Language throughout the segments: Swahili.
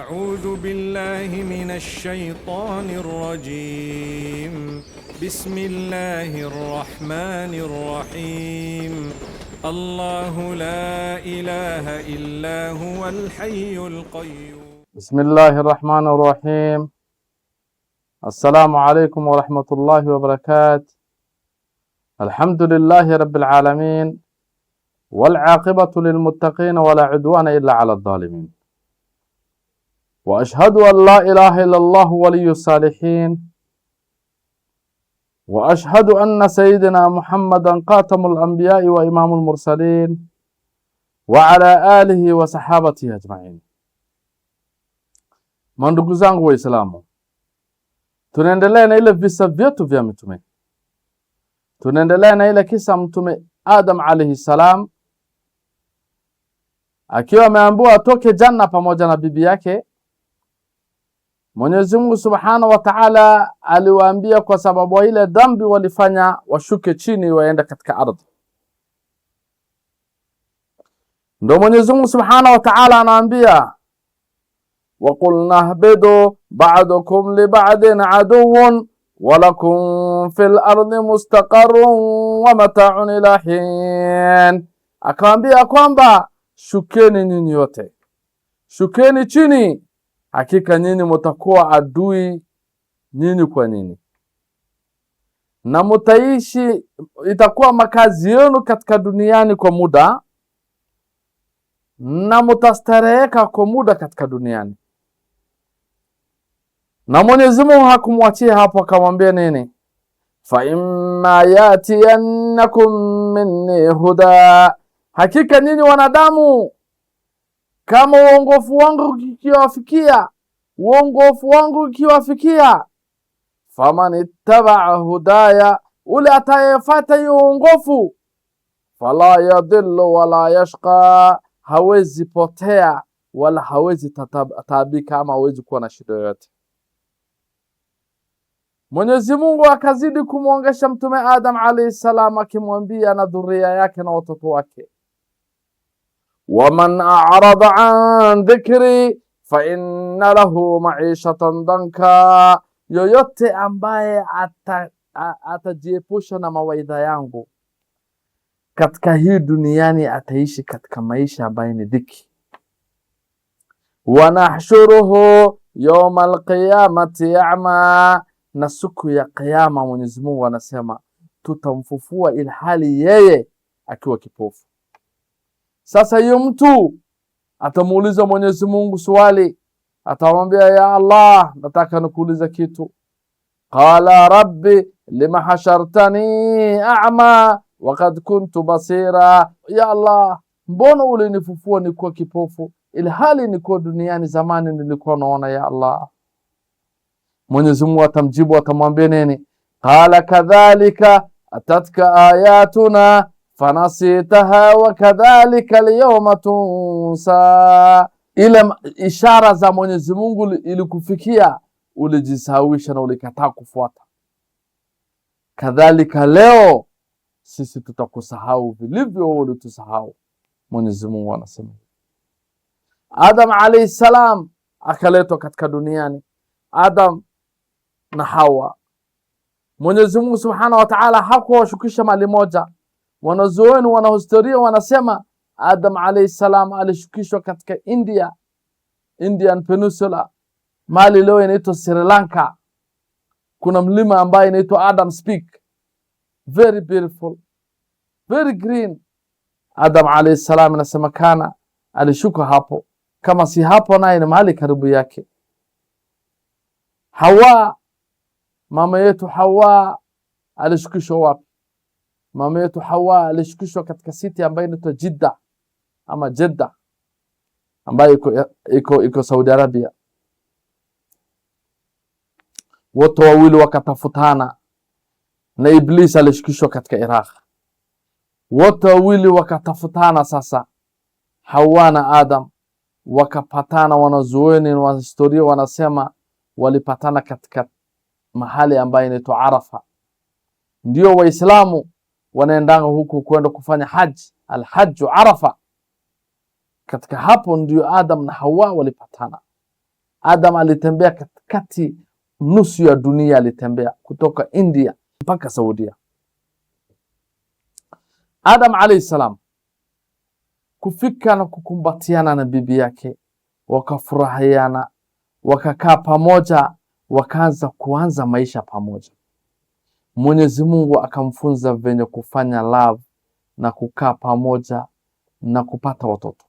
أعوذ بالله من الشيطان الرجيم بسم الله الرحمن الرحيم الله لا إله إلا هو الحي القيوم بسم الله الرحمن الرحيم السلام عليكم ورحمة الله وبركاته الحمد لله رب العالمين والعاقبة للمتقين ولا عدوان إلا على الظالمين وأشهد أن لا إله إلا الله ولي الصالحين وأشهد أن سيدنا محمدا قاتم الأنبياء وإمام المرسلين وعلى آله وصحابته أجمعين من دقزان قوي سلامو تنندلين إلى فيسا فيتو فيا متومي تنندلين إلى كيسا متومي آدم عليه السلام akiwa ameambua atoke janna pamoja na bibi Mwenyezi Mungu Subhanahu wa Ta'ala aliwaambia kwa sababu ile dhambi walifanya washuke chini waende katika ardhi. Ndio Mwenyezi Mungu Subhanahu wa Ta'ala anaambia waqulna hbidu ba'dukum li ba'din aduwwun walakum fil ardi mustaqarrun wa mata'un ila hin, akawaambia kwamba shukeni nyinyi yote, shukeni chini Hakika nyinyi mutakuwa adui nyinyi kwa nyinyi, na mutaishi, itakuwa makazi yenu katika duniani kwa muda, na mutastareheka kwa muda katika duniani. Na Mwenyezi Mungu hakumwachia hapo, akamwambia nini? fa imma yatiyannakum minni huda, hakika nyinyi wanadamu kama uongofu wangu ukiwafikia uongofu wangu ukiwafikia, faman ittabaa hudaya, ule atayefata hiyo uongofu, fala yadhillu wala yashqa, hawezi potea wala hawezi taabika ama hawezi kuwa na shida yoyote. Mwenyezi Mungu akazidi kumwongesha Mtume Adam alayhi salam, akimwambia na dhuria yake na watoto wake waman a'rada an dhikri fa inna lahu maishatan danka, yoyote ambaye atajiepusha na mawaidha yangu katika hii duniani ataishi katika maisha ambayo ni dhiki. Wanahshuruhu yauma alqiyamati yama, na siku ya Kiyama Mwenyezi Mungu anasema tutamfufua ilhali yeye akiwa kipofu. Sasa hiyo mtu atamuuliza Mwenyezi Mungu swali, atamwambia ya Allah, nataka nikuuliza kitu. Qala rabbi lima hashartani a'ma wakad kuntu basira, ya Allah, mbona ulinifufua nikuwa kipofu ilhali nikuwa duniani zamani nilikuwa naona? Ya Allah. Mwenyezi Mungu atamjibu atamwambia nini? Qala kadhalika atatka ayatuna fanasitaha wakadhalika lyauma tunsa, ile ishara za Mwenyezi Mungu ilikufikia ulijisahawisha na ulikataa kufuata. Kadhalika leo sisi tutakusahau vilivyo ulitusahau. Mwenyezi Mungu anasema Adam alayhi salam akaletwa katika duniani, Adam na Hawa. Mwenyezi Mungu subhanahu wa ta'ala hakuwashukisha mali moja Wanazuoni wanahistoria wanasema Adam alayhi salam alishukishwa katika India, Indian Peninsula, mali leo inaitwa Sri Lanka. Kuna mlima ambaye inaitwa Adam's Peak, very beautiful, very green. Adam alayhi salam anasema kana alishuka hapo, kama si hapo naye ni mahali karibu yake. Hawa mama yetu Hawa alishukishwa wapi? Mama yetu Hawa alishukishwa katika city ambayo inaitwa Jidda ama Jedda ambayo iko, iko, iko Saudi Arabia. Wote wawili wakatafutana na Iblis alishukishwa katika Iraq. Wote wawili wakatafutana sasa, Hawa na Adam wakapatana. Wanazuoni wa historia wanasema walipatana katika mahali ambayo inaitwa Arafa, ndio Waislamu wanaendanga huku kwenda kufanya haji, alhaju Arafa. Katika hapo ndio Adam na Hawa walipatana. Adam alitembea katikati nusu ya dunia, alitembea kutoka India mpaka Saudia. Adam alayhi salam kufika na kukumbatiana na bibi yake, wakafurahiana, wakakaa pamoja, wakaanza kuanza maisha pamoja. Mwenyezi Mungu akamfunza venye kufanya love na kukaa pamoja na kupata watoto.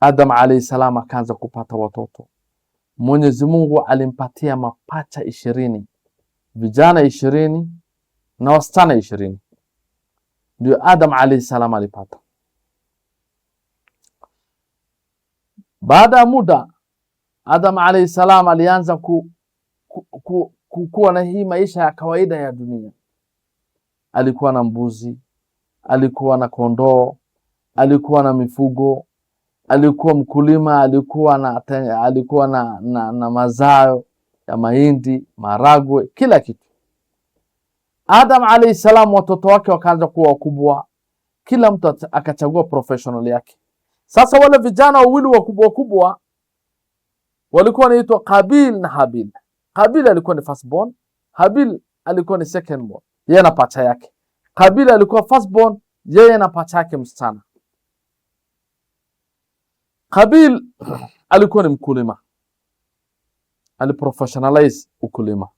Adam alayhi salam akaanza kupata watoto. Mwenyezi Mungu alimpatia mapacha ishirini, vijana ishirini na wasichana ishirini, ndio Adam alayhi salam alipata. Baada ya muda Adam alayhi salam alianza ku, ku, ku kuwa na hii maisha ya kawaida ya dunia. Alikuwa na mbuzi, alikuwa na kondoo, alikuwa na mifugo, alikuwa mkulima, alikuwa na, alikuwa na, na, na mazao ya mahindi, maragwe, kila kitu. Adam alayhi salam, watoto wake wakaanza kuwa wakubwa, kila mtu akachagua professional yake. Sasa wale vijana wawili wakubwa wakubwa walikuwa wanaitwa Kabil na Habil. Kabil alikuwa ni born, Habil alikuwa ni secondborn, yeye na pacha yake. Kabil alikuwa born yeye na pacha yake msichana. Kabil alikuwa ni mkulima, aliprofessionalize ukulima.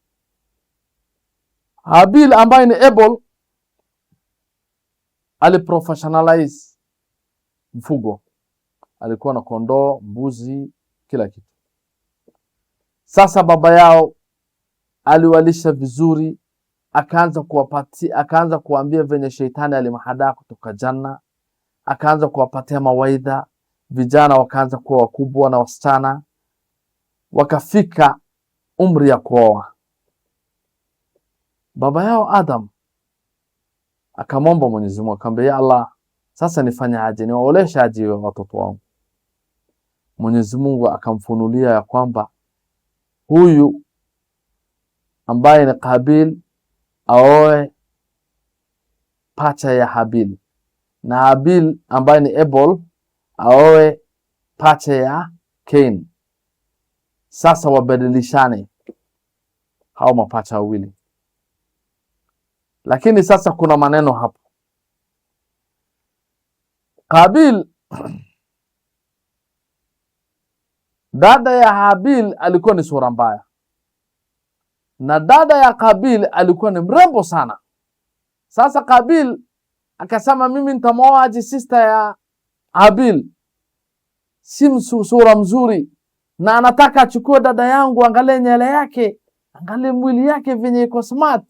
Habil ambaye ni Abel aliprofessionalize mfugo, alikuwa na kondoo, mbuzi, kila kitu. Sasa baba yao aliwalisha vizuri, akaanza kuwapati, akaanza kuwaambia venye sheitani alimhadaa kutoka janna, akaanza kuwapatia mawaidha. Vijana wakaanza kuwa wakubwa na wasichana wakafika umri ya kuoa. Baba yao Adam akamwomba Mwenyezi Mungu akamwambia, ya Allah, sasa nifanye aje? Niwaoleshe aje watoto wangu? Mwenyezi Mungu akamfunulia ya kwamba huyu ambaye ni Qabil aoe pacha ya Habil na Habil ambaye ni Abel aoe pacha ya Cain. Sasa wabadilishane hao mapacha wawili, lakini sasa kuna maneno hapo Qabil Dada ya Habil alikuwa ni sura mbaya na dada ya Kabil alikuwa ni mrembo sana. Sasa Kabil akasema mimi nitamoa aje sister ya Habil, si sura mzuri, na anataka achukue dada yangu, angalie nyele yake, angalie mwili yake venye iko smart,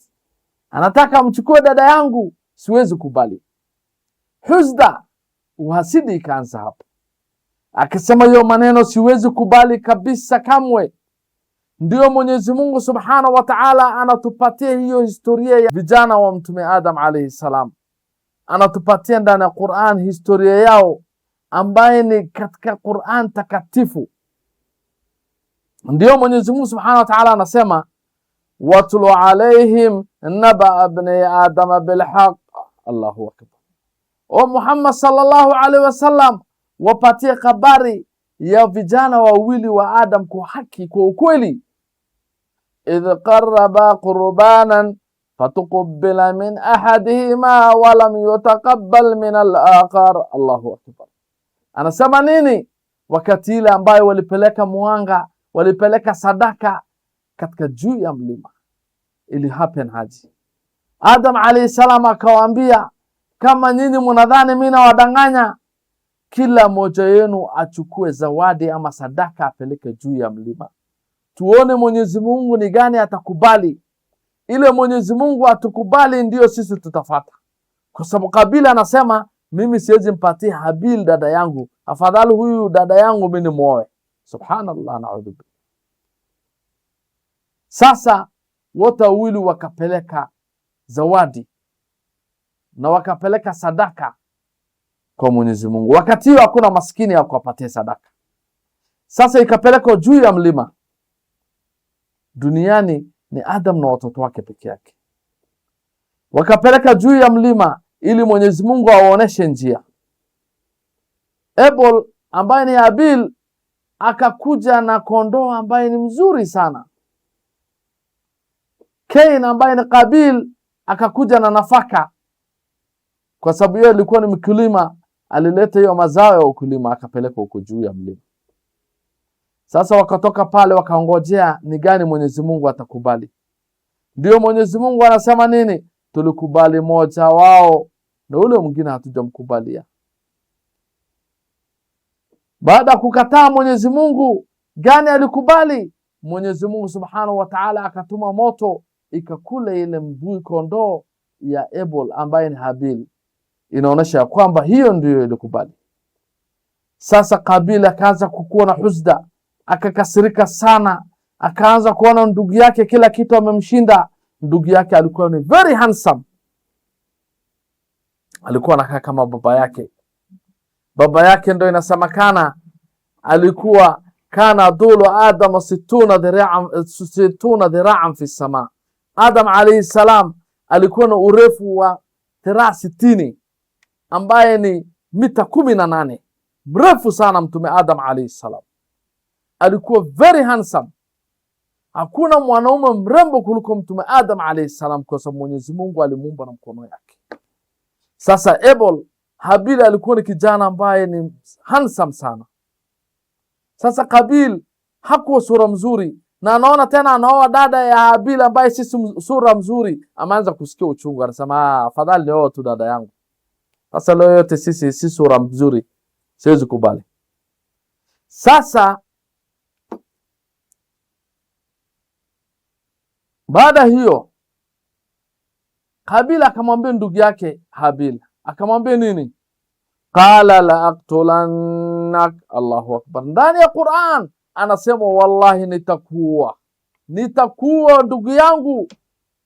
anataka amchukue dada yangu, siwezi kubali. Huzda, uhasidi ikaanza hapo. Akisema hiyo maneno siwezi kubali kabisa kamwe. Ndiyo Mwenyezi Mungu Subhanahu wa Ta'ala anatupatia hiyo historia ya vijana wa Mtume Adam alayhi salam, anatupatia ndani ya Qur'an historia yao ambaye ni katika Qur'an takatifu. Ndiyo Mwenyezi Mungu Subhanahu wa Ta'ala anasema watlu alayhim naba ibni adama bilhaq. Allahu akbar. O Muhammad sallallahu alayhi wasallam wapatie habari ya vijana wawili wa Adam kwa haki, kwa ukweli. idh qaraba qurbanan fatukubila min ahadihima lam yutakabal min al-akhar. Allahu akbar. Anasema nini? Wakati ile ambayo walipeleka mwanga, walipeleka sadaka katika juu ya mlima, ili happen haji. Adam alayhi salam akawaambia, kama nyinyi mnadhani mimi nawadanganya kila mmoja yenu achukue zawadi ama sadaka apeleke juu ya mlima, tuone Mwenyezi Mungu ni gani atakubali. Ile Mwenyezi Mungu atukubali, ndiyo sisi tutafata, kwa sababu Kabila anasema mimi siwezi mpatia Habil dada yangu, afadhali huyu dada yangu mimi nimuoe. Subhanallah, naudhubillah. Sasa wote wawili wakapeleka zawadi na wakapeleka sadaka kwa Mwenyezi Mungu. Wakati hiyo hakuna maskini ya kuwapatia sadaka. Sasa ikapelekwa juu ya mlima. Duniani ni Adam na watoto wake peke yake, wakapeleka juu ya mlima ili Mwenyezi Mungu awaoneshe njia. Abel ambaye ni abil akakuja na kondoo ambaye ni mzuri sana. Kain ambaye ni Kabil akakuja na nafaka, kwa sababu yeye alikuwa ni mkulima, alileta hiyo mazao ya ukulima akapeleka huko juu ya mlima. Sasa wakatoka pale wakaongojea ni gani Mwenyezi Mungu atakubali. Ndio Mwenyezi Mungu anasema nini? Tulikubali moja wao na ule mwingine hatujamkubalia. Baada ya kukataa Mwenyezi Mungu, gani alikubali? Mwenyezi Mungu Subhanahu wa Ta'ala akatuma moto ikakula ile mbui kondoo ya Ebol ambaye ni Habil inaonyesha ya kwamba hiyo ndiyo ilikubali. Sasa Kabila akaanza kukuwa na husda, akakasirika sana, akaanza kuona ndugu yake kila kitu amemshinda. Ndugu yake alikuwa ni very handsome, alikuwa anakaa kama baba yake. Baba yake ndo inasemekana alikuwa kana dhulu adama situna dhiraan, situna dhiraan fi samaa. Adam alayhi salam alikuwa na urefu wa dhiraa sitini ambaye ni mita kumi na nane mrefu sana. Mtume Adam alayhi salam alikuwa very handsome. Hakuna mwanaume mrembo kuliko Mtume Adam alayhi salam, kwa sababu Mwenyezi Mungu alimuumba na mkono yake. Sasa Abel Habil alikuwa ni kijana ambaye ni handsome sana. Sasa Kabil hakuwa sura mzuri, na anaona tena anaoa dada ya Habil ambaye si sura mzuri, ameanza kusikia uchungu, anasema ah, afadhali leo tu dada yangu sasa leo yote sisi si sura mzuri, siwezi kubali. Sasa baada hiyo Kabila akamwambia ndugu yake Habil, akamwambia nini? Qala la aktulannak. Allahu akbar! Ndani ya Quran anasema wallahi, nitakuwa nitakuwa ndugu yangu.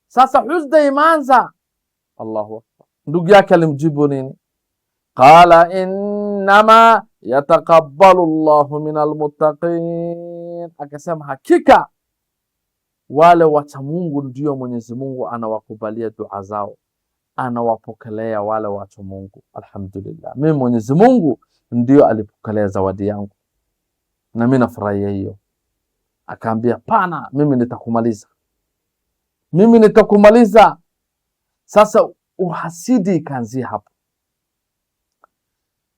Sasa huzda imanza. Allahu akbar ndugu yake alimjibu nini? Qala innama yataqabbalu llahu min almuttaqin, akasema hakika wale wacha Mungu ndio Mwenyezi Mungu anawakubalia dua zao, anawapokelea wale wacha Mungu. Alhamdulillah, mimi Mwenyezi Mungu ndio alipokelea zawadi yangu na mimi nafurahia hiyo. Akaambia pana, mimi nitakumaliza, mimi nitakumaliza. Sasa uhasidi ikaanzia hapo.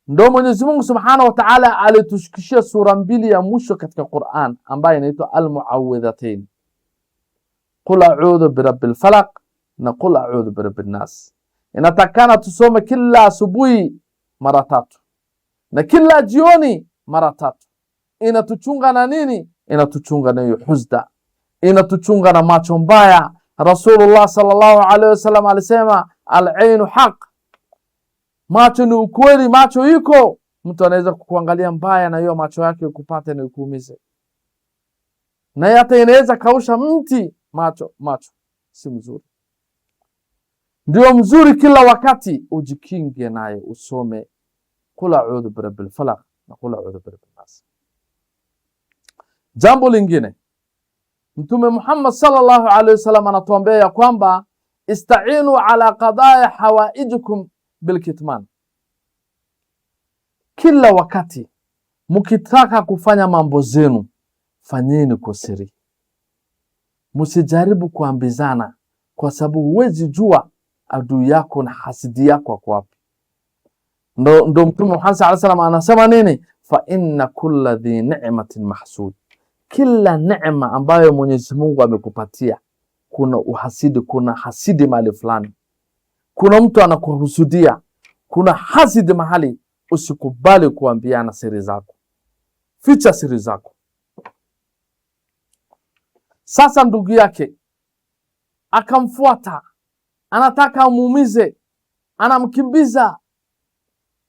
Ndo Mwenyezi Mungu Subhanahu wa Ta'ala alitushikishia sura mbili ya mwisho katika Qur'an ambayo inaitwa Al-Mu'awwidhatayn, qul a'udhu birabbil falaq na qul a'udhu birabbin nas. Inatakana tusome kila asubuhi mara tatu na kila jioni mara tatu. Inatuchunga na nini? Inatuchunga na huzda, inatuchunga na macho mbaya. Rasulullah sallallahu alaihi wasallam alisema Alainu haq, macho ni ukweli, macho iko. Mtu anaweza kukuangalia mbaya na hiyo macho yake ukupate na ukuumize, na hata inaweza kausha mti. Macho macho si mzuri, ndio mzuri kila wakati ujikinge naye, usome kul audhu birabbil falaq na kul audhu birabbin nas. Jambo lingine Mtume Muhammad sallallahu alaihi wasallam anatuambia ya kwamba istaciinuu calaa qadaaya hawaijikum bilkitman, kila wakati mkitaka kufanya mambo zenu fanyeni kwa siri, msijaribu kuambizana, kwa sababu huwezi jua adui yako na hasidi yako ako wapi. Ndo, ndo Mtume Muhammad sallallahu alaihi wasallam anasema nini? fa inna kulla dhi ni'matin mahsud, kila neema ambayo Mwenyezi Mungu amekupatia kuna uhasidi, kuna hasidi mahali fulani, kuna mtu anakuhusudia, kuna hasidi mahali. Usikubali kuambiana siri zako, ficha siri zako. Sasa ndugu yake akamfuata, anataka amuumize, anamkimbiza.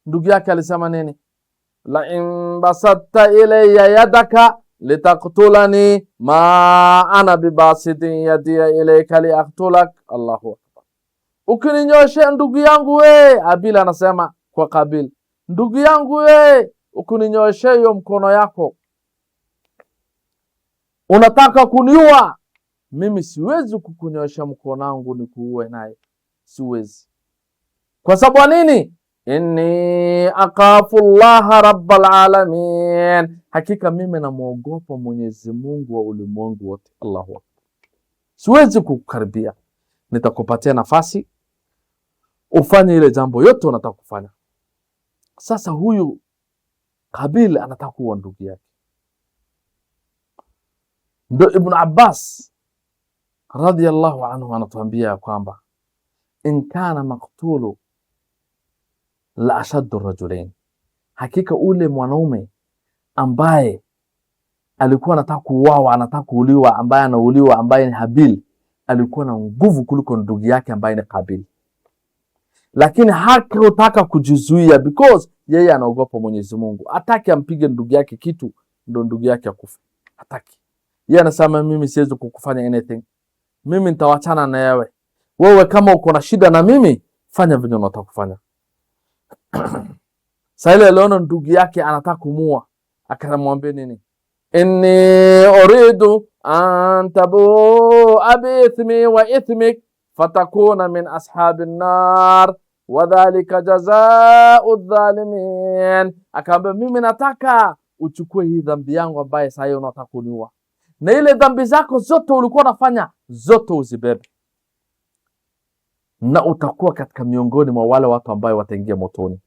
Ndugu yake alisema nini? la in basatta ilayya yadaka litaktulani ma ana bibasitin yadia ilayka liaktulak. Allahu akbar. Ukininyosha ndugu yangu we, Abil anasema kwa Kabil, ndugu yangu we, ukininyosha hiyo mkono yako, unataka kuniua mimi, siwezi kukunyosha mkono wangu nikuue naye, siwezi. Kwa sababu nini? inni akafu llaha rabbal alamin, hakika mimi namwogopa Mwenyezi Mungu wa ulimwengu wote. Allahu akbar, siwezi kukaribia Nitakupatia nafasi ufanye ile jambo yote unataka kufanya. Sasa huyu Kabil anataka kuwa ndugu yake, ndo Ibnu Abbas radhiallahu anhu anatuambia ya kwamba in kana maktulu la ashaddu rajulain, hakika ule mwanaume ambaye alikuwa anataka kuuawa, anataka kuuliwa, ambaye anauliwa, ambaye ni Habil alikuwa na nguvu kuliko ndugu yake ambaye ni Kabil, lakini hakutaka kujizuia because yeye anaogopa Mwenyezi Mungu, hataki ampige ndugu yake kitu ndo ndugu yake akufa, hataki yeye. Anasema mimi siwezi kukufanya anything, mimi nitawachana na yawe Wewe kama uko na shida na mimi, fanya vile unataka kufanya. Sasa ile aliona ndugu yake anataka kumua, akamwambia nini, inni uridu an tabua biithmi wa ithmik fatakuna min ashabi nar wa dhalika jazau dhalimin. Akaambia mimi nataka uchukue hii dhambi yangu ambaye sasa unataka kuniua, na ile dhambi zako zote ulikuwa unafanya zote uzibebe na utakuwa katika miongoni mwa wale watu ambao wataingia motoni.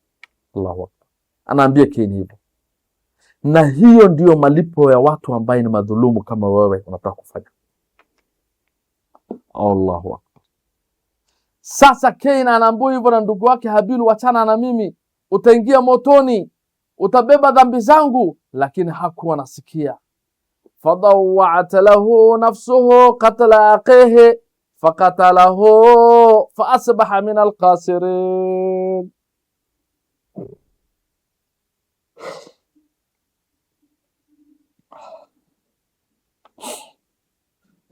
Allahu akbar, anaambia Kaini hivyo, na hiyo ndiyo malipo ya watu ambaye ni madhulumu kama wewe unataka kufanya. Allahu akbar. Sasa Kaini anaambia hivyo na ndugu wake Habilu, wachana na mimi, utaingia motoni, utabeba dhambi zangu, lakini hakuwa nasikia. Fadawat lahu nafsuhu qatla aqihi fakatalahu fa asbaha min alkhasirin.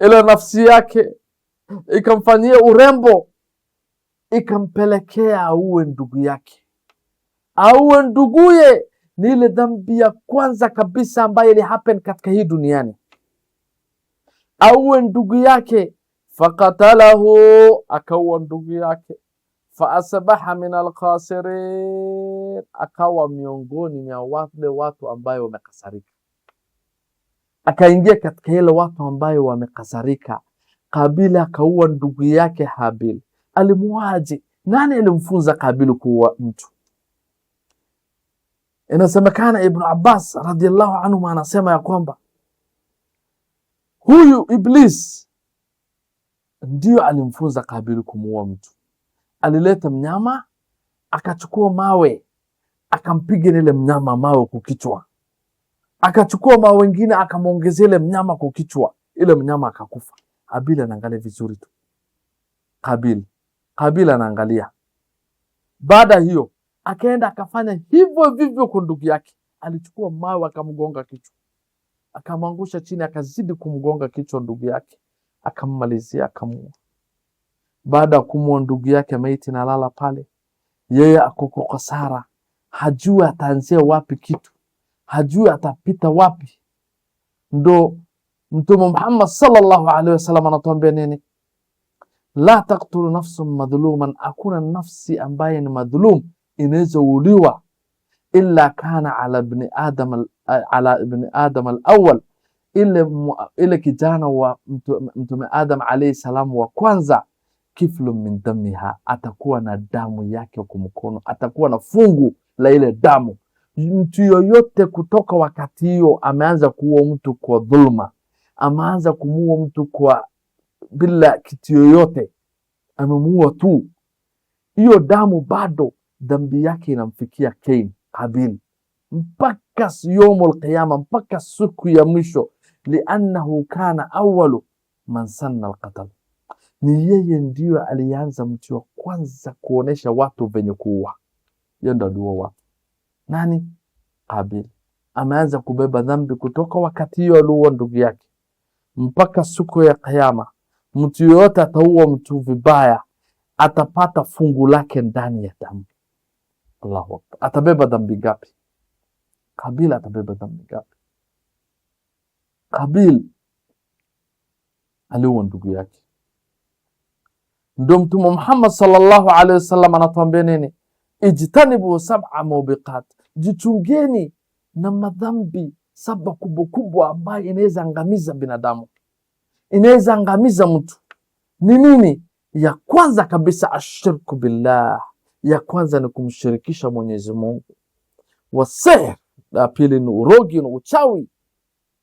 Ile nafsi yake ikamfanyia urembo, ikampelekea auwe ndugu yake, auwe nduguye. Ni ile dhambi ya kwanza kabisa ambayo ili happen katika hii duniani, auwe ndugu yake fakatalahu, akaua ndugu yake. Faasbaha min alkhasirin, akawa miongoni mwa wale watu ambayo wamekasarika, akaingia katika ile watu ambayo wamekasarika. Kabili akaua ndugu yake Habil. Alimuaje? Nani alimfunza Kabili kuua mtu? Inasemekana Ibnu Abbas radhiallahu anhu anasema ya kwamba huyu Iblis ndio alimfunza Kabili kumuua mtu. Alileta mnyama, akachukua mawe, akampiga ile mnyama mawe kwa kichwa, akachukua mawe wengine, akamwongezea ile mnyama kwa kichwa, ile mnyama akakufa. Abili anaangalia vizuri tu, Kabili Kabili anaangalia. Baada hiyo akaenda akafanya hivyo vivyo kwa ndugu yake, alichukua mawe akamgonga kichwa, akamwangusha chini, akazidi kumgonga kichwa ndugu yake akammalizia akamua. Baada ya kumua ndugu yake maiti nalala pale, yeye akoko kasara, hajui ataanzia wapi kitu, hajui atapita wapi. Ndo Mtume Muhammad sallallahu alaihi wasallam anatuambia nini? La taktulu nafsun madhuluman, hakuna nafsi ambaye ni madhulum inaweza uliwa illa kana ala ibni adam ala ibni adam alawal ile, ile kijana wa Mtume Adam alayhi salam wa kwanza, kiflu min damiha, atakuwa na damu yake kwa mkono, atakuwa na fungu la ile damu. Mtu yoyote kutoka wakati hiyo ameanza kuua mtu kwa dhulma, ameanza kumuua mtu kwa bila kitu yoyote, amemuua tu, hiyo damu bado dhambi yake inamfikia Kain Habil mpaka yomul qiyama, mpaka siku ya mwisho liannahu kana awalu man sanna alqatl, ni yeye ndiyo alianza mtu wa kwanza kuonesha watu venye kuua. Hiyo ndo aliua Nani? Kabili ameanza kubeba dhambi kutoka wakati hiyo aliua ndugu yake mpaka siku ya Kiyama. Mtu yoyote ataua mtu vibaya atapata fungu lake ndani ya damu. Allahu akbar! Atabeba dhambi ngapi? Kabila atabeba dhambi ngapi? Kabil aliua ndugu yake. Ndio Mtume Muhammad sallallahu alaihi wasallam anatuambia nini? Ijtanibu sab'a mubiqat, jichungeni na madhambi saba kubwa kubwa ambayo inaweza angamiza binadamu, inaweza angamiza mtu. Ni nini? Ya kwanza kabisa ashirku billah, ya kwanza ni kumshirikisha Mwenyezi Mungu. Wasihr, la pili ni urogi na uchawi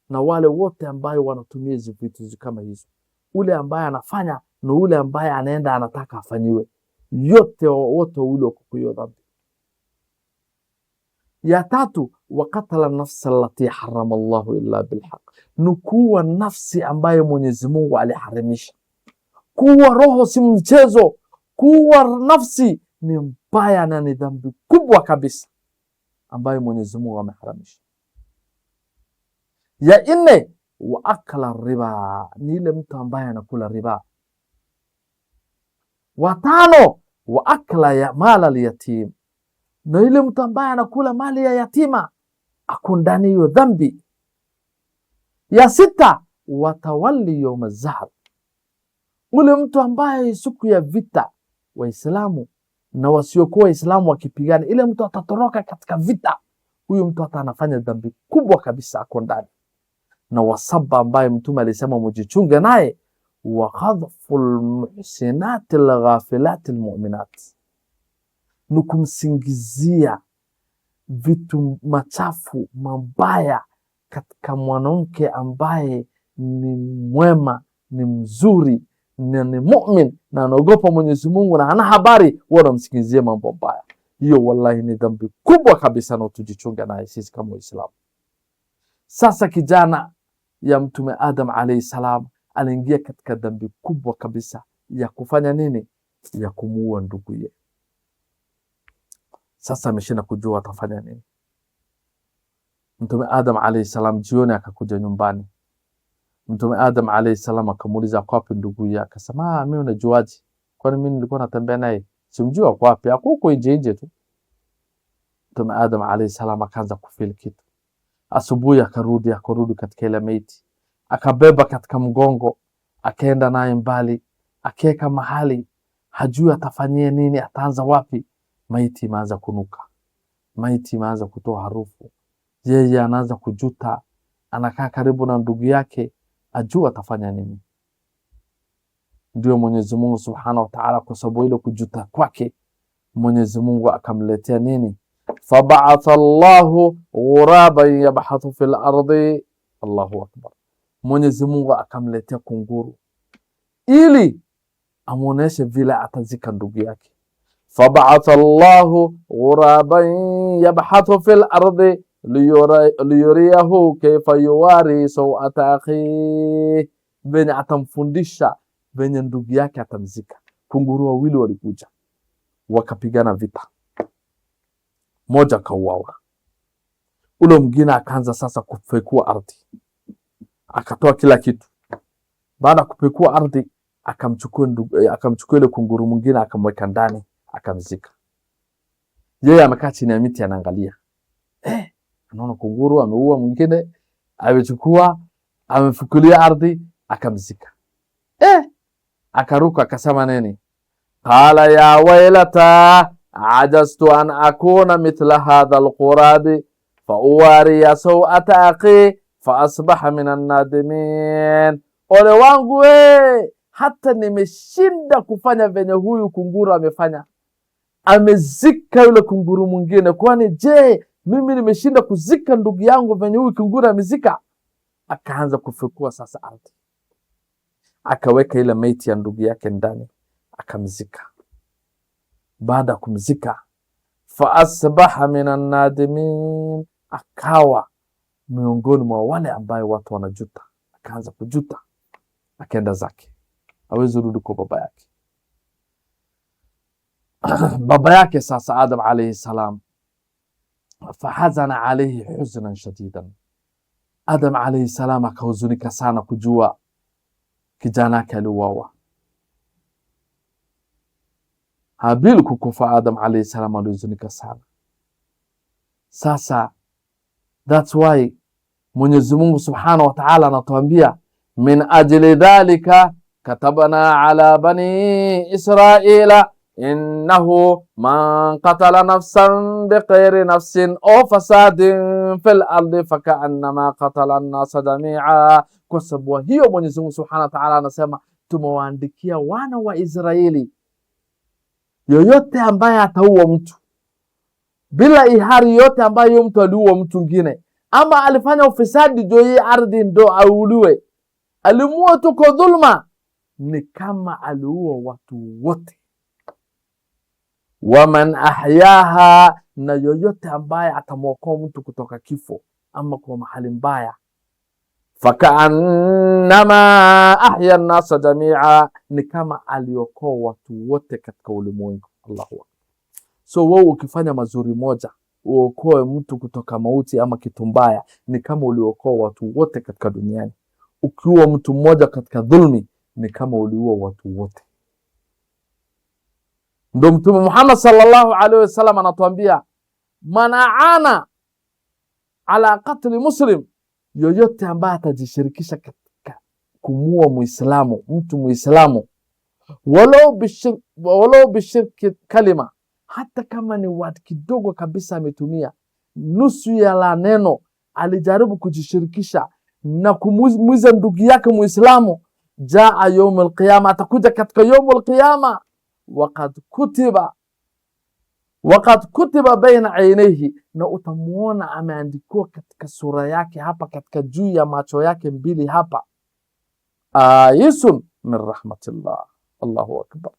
na wale wote ambayo wanatumia hizi vitu kama hizo. Ule ambaye anafanya na ule ambaye anaenda anataka afanyiwe, yote wote wawili wako kwa hiyo dhambi. Ya tatu, wakatala nafsa lati harama llahu illa bilhaq, ni kuwa nafsi ambayo Mwenyezi Mungu aliharimisha. Kuwa roho si mchezo, kuwa nafsi ni mbaya na ni dhambi kubwa kabisa ambayo Mwenyezi Mungu ameharamisha. Ya nne, wa akala riba, ni ile mtu ambaye anakula riba. Wa tano, wa akala ya mala yatim, na ile mtu ambaye anakula mali ya yatima hiyo dhambi. Ya sita, watawalli yawm azhar, ule mtu ambaye siku ya vita Waislamu na wasiokuwa Waislamu wakipigana, ile mtu atatoroka katika vita, huyu mtu hata anafanya dhambi kubwa kabisa, ako ndani na wasaba ambaye mtume alisema mujichunge naye, wa khadhfu lmuhsinati lghafilati lmuminat, ni kumsingizia vitu machafu mabaya katika mwanamke ambaye ni mwema, ni mzuri na ni mumin na anaogopa Mwenyezi Mungu na ana habari, wanamsingizia mambo mbaya. Hiyo wallahi ni dhambi kubwa kabisa, na tujichunge naye sisi kama Waislamu. Sasa kijana ya Mtume Adam alayhi salam, aliingia katika dhambi kubwa kabisa ya kufanya nini? Ya kumuua nduguye. Sasa ameshinda kujua atafanya nini. Mtume Adam alayhi salam jioni akakuja nyumbani. Mtume Adam alayhi salam akamuuliza kwa kwapi yake, akasema ah, mimi unajuaje? Kwani mimi nilikuwa natembea naye, simjua kwapi, akuko nje nje tu. Mtume Adam alayhi salam akaanza kufeel kitu Asubuhi akarudi akarudi katika ile maiti, akabeba katika mgongo, akaenda naye mbali, akiweka mahali hajui atafanyie nini, ataanza wapi. Maiti imeanza kunuka, maiti imeanza kutoa harufu. Yeye anaanza kujuta, anakaa karibu na ndugu yake, ajua atafanya nini. Ndio Mwenyezi Mungu subhanahu wa taala, kwa sababu ile kujuta kwake Mwenyezi Mungu akamletea nini fabaatha llahu ghuraban yabhathu fi ardi. Allahu akbar, Mwenyezi Mungu akamletea kunguru ili amwonyeshe vile atazika ndugu yake. fabaatha llahu ghuraban yabhathu fi lardi liyuriyahu kaifa yuwari sauata akhi, venye atamfundisha venye ndugu yake atamzika. Kunguru wawili walikuja wakapigana vita moja akauawa. Ule mwingine akaanza sasa kupekua ardhi, akatoa kila kitu. Baada ya kupekua ardhi, akamchukua eh, akamchukua ile kunguru mwingine, akamweka ndani, akamzika. Yeye amekaa chini ya miti anaangalia, eh, anaona kunguru ameua mwingine, amechukua amefukulia ardhi, akamzika. Eh, akaruka akasema nini, qala ya wailata ajaztu an akuna mithla hadha alqurabi fauwariya sauata akhi faasbaha min annadimin, ole wangu we, hata nimeshinda kufanya venye huyu kunguru amefanya, amezika yule kunguru mwingine. Kwani je, mimi nimeshinda kuzika ndugu yangu venye huyu kunguru amezika? Akaanza kufikua sasa ardhi, akaweka ile maiti ya ndugu yake ndani, akamzika baada ya kumzika, fa asbaha min annadimin, akawa miongoni mwa wale ambao watu wanajuta, akaanza kujuta, akaenda zake, awezi rudi kwa baba yake. baba yake sasa Adam alayhi salam, fahazana alayhi huznan shadidan, Adam alayhi salam akahuzunika sana kujua kijana yake aliuawa هابيل كوكوفا آدم عليه السلام على يزنك السلام ساسا that's why من يزمون سبحانه وتعالى نطوانبيا من أجل ذلك كتبنا على بني إسرائيل إنه من قتل نفسا بغير نفس أو فساد في الأرض فكأنما قتل الناس جميعا كسب وهي من يزمون سبحانه وتعالى نسمع تموان دكيا وانا وإسرائيلي yoyote ambaye ataua mtu bila ihari yote ambayo mtu aliua mtu mwingine ama alifanya ufisadi juu hii ardhi ndo auliwe, alimua tu kwa dhulma, ni kama aliua watu wote. Waman ahyaha, na yoyote ambaye atamwokoa mtu kutoka kifo ama kwa mahali mbaya fakaannama ahya nasa jamia, ni kama aliokoa watu wote katika ulimwengu. Allahu akbar! So wewe ukifanya mazuri moja uokoe mtu kutoka mauti ama kitu mbaya, ni kama uliokoa watu wote katika duniani. Ukiua mtu mmoja katika dhulmi, ni kama uliua watu wote. Ndo Mtume Muhammad sallallahu alaihi wasallam anatuambia, man aana ala katli muslim yoyote ambaye atajishirikisha katika kumua Muislamu, mtu Muislamu, walau bishirki, kalima, hata kama ni word kidogo kabisa ametumia, nusu ya la neno alijaribu kujishirikisha na kumuiza ndugu yake Muislamu, jaa yaumul qiyama, atakuja katika yaumul qiyama, waqad kutiba Wakad kutiba baina ainaihi, na utamuona ameandikiwa katika sura yake hapa, katika juu ya macho yake mbili hapa, ayisun min rahmatillah. Allahu akbar,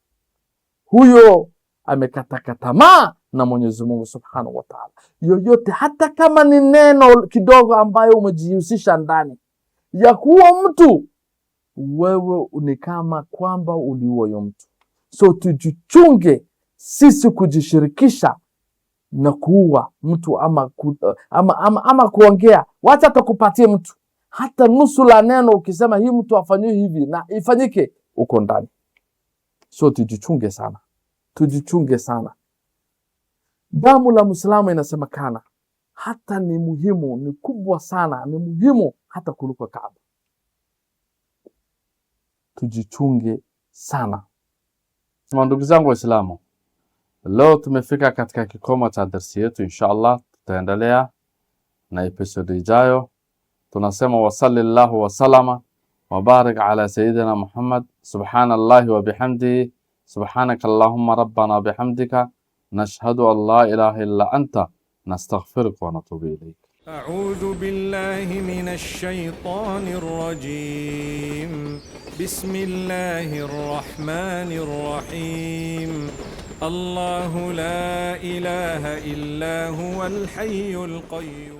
huyo amekataka tamaa na Mwenyezi Mungu subhanahu wa taala. Yoyote hata kama ni neno kidogo ambayo umejihusisha ndani ya kuwa mtu wewe, ni kama kwamba uliuwa yo mtu. So tujichunge sisi kujishirikisha na kuua mtu ama, ku, ama, ama, ama kuongea, wacha atakupatie mtu hata nusu la neno, ukisema hii mtu afanyiwe hivi na ifanyike, uko ndani. So tujichunge sana, tujichunge sana. Damu la Muislamu inasemekana hata ni muhimu, ni kubwa sana, ni muhimu hata kuliko Kaaba. Tujichunge sana, ndugu zangu Waislamu. لو تمفيكا كاتكا كي كوما تا درسيتو إن شاء الله تتندليا نا إبسود إجايو تنسيما وصل الله وسلم وبارك على سيدنا محمد سبحان الله وبحمده سبحانك اللهم ربنا بحمدك نشهد أن لا إله إلا أنت نستغفرك ونتوب إليك أعوذ بالله من الشيطان الرجيم بسم الله الرحمن الرحيم الله لا إله إلا هو الحي القيوم